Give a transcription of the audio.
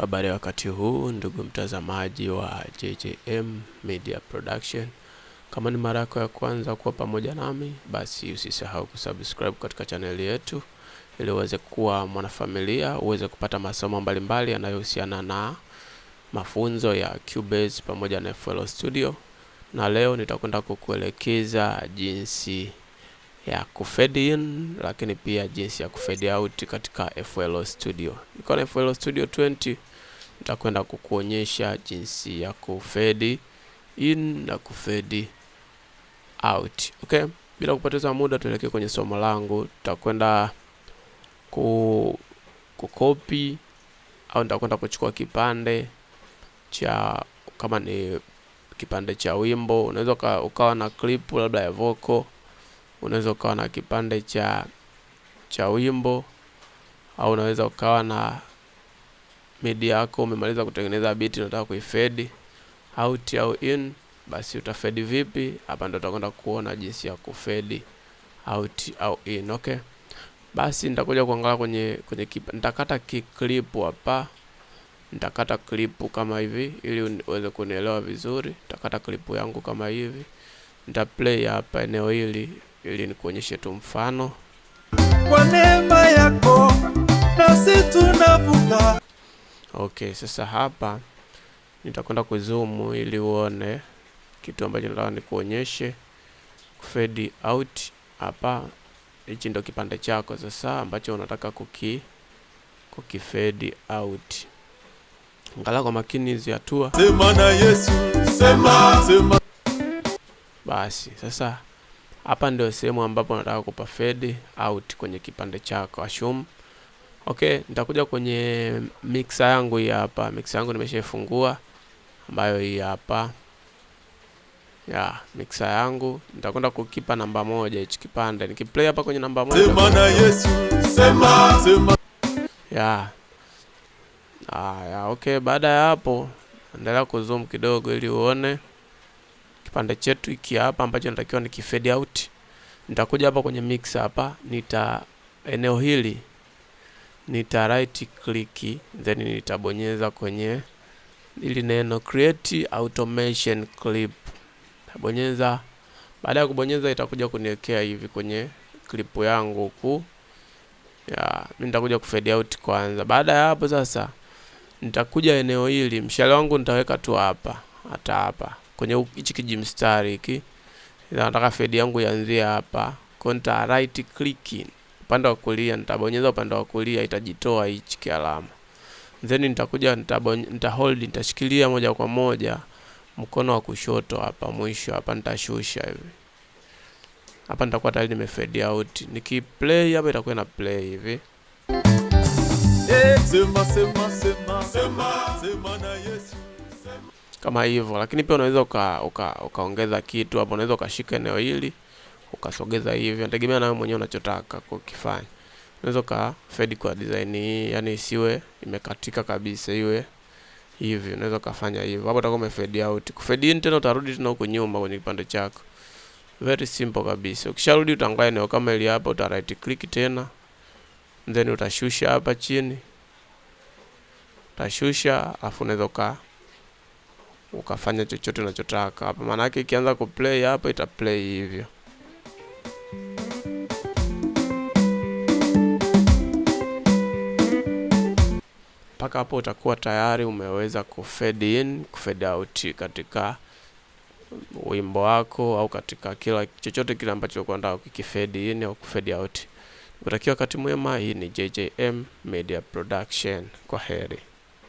Habari ya wakati huu ndugu mtazamaji wa JJM Media Production. Kama ni mara yako ya kwanza kuwa pamoja nami, basi usisahau kusubscribe katika chaneli yetu ili uweze kuwa mwanafamilia, uweze kupata masomo mbalimbali yanayohusiana na mafunzo ya Cubase pamoja na FL Studio. Na leo nitakwenda kukuelekeza jinsi ya kufade in lakini pia jinsi ya kufade out katika FL Studio. Niko na FL Studio 20 nitakwenda kukuonyesha jinsi ya kufedi in na kufedi out. Okay, bila kupoteza muda tuelekee kwenye somo langu. Tutakwenda ku kukopi au nitakwenda kuchukua kipande cha kama ni kipande cha wimbo, unaweza ukawa na clip labda ya vocal, unaweza ukawa na kipande cha cha wimbo au unaweza ukawa na midi yako umemaliza kutengeneza biti, unataka kuifade out au in, basi utafade vipi? Hapa ndo tutakwenda kuona jinsi ya kufade out au in. Okay, basi nitakuja kuangalia kwenye kwenye clip. Nitakata clip hapa, nitakata clip kama hivi ili uweze kunielewa vizuri. Nitakata clip yangu kama hivi, nitaplay hapa eneo hili ili nikuonyeshe tu mfano. Kwa neema yako Okay, sasa hapa nitakwenda kuzoom ili uone kitu ambacho nataka nikuonyeshe. Fade out hapa, hichi ndo kipande chako sasa ambacho unataka kuki kuki fade out. Angalia kwa makini hizi hatua. Sema na Yesu, sema, sema. Basi sasa hapa ndio sehemu ambapo unataka kupa fade out kwenye kipande chako assume Okay, nitakuja kwenye mixer yangu hii hapa. Mixer yangu nimeshafungua ambayo hii hapa ya mixer yangu, nitakwenda kukipa namba moja hichi kipande, nikiplay hapa kwenye namba moja. Sema na Yesu, sema sema. Ya. ya okay, baada ya hapo endelea kuzoom kidogo ili uone kipande chetu hiki hapa ambacho natakiwa nikifade out. Nitakuja hapa kwenye mixer hapa, nita eneo hili nita right click then nitabonyeza kwenye ili neno create automation clip tabonyeza. Baada ya kubonyeza, itakuja kuniwekea hivi kwenye clip yangu huku ya mimi nitakuja ku fade out kwanza. Baada ya hapo sasa, nitakuja eneo hili, mshale wangu nitaweka tu hapa, hata hapa kwenye hichi kijimstari hiki, nataka fade yangu ianzie hapa, kwa nita right click upande wa kulia nitabonyeza upande wa kulia, itajitoa hichi kialama, then nitakuja nita hold, nitashikilia moja kwa moja mkono wa kushoto hapa mwisho hapa, nitashusha hivi hapa, nitakuwa tayari nimefade out. Niki play hapa itakuwa na play hivi kama hivyo, lakini pia unaweza ukaongeza uka, uka kitu hapo, unaweza ukashika eneo hili ukasogeza hivyo, nategemea nawe mwenyewe unachotaka kukifanya. Unaweza ka fade kwa design hii, yani isiwe imekatika kabisa, iwe hivi. Unaweza ukafanya hivyo, hapo utakuwa umefade out. Kufade in tena utarudi tena huko nyuma kwenye kipande chako, very simple kabisa. Ukisharudi utaangalia eneo kama ile hapa, uta right click tena, then utashusha hapa chini, utashusha afu unaweza ka ukafanya chochote unachotaka hapa, maana yake ikianza kuplay hapa itaplay hivyo. mpaka hapo utakuwa tayari umeweza kufade in, kufade out katika wimbo wako au katika kila chochote kile ambacho ulikuwa unataka kukifade in au kufade out. Utakiwa wakati mwema. Hii ni JJM Media Production. Kwa heri.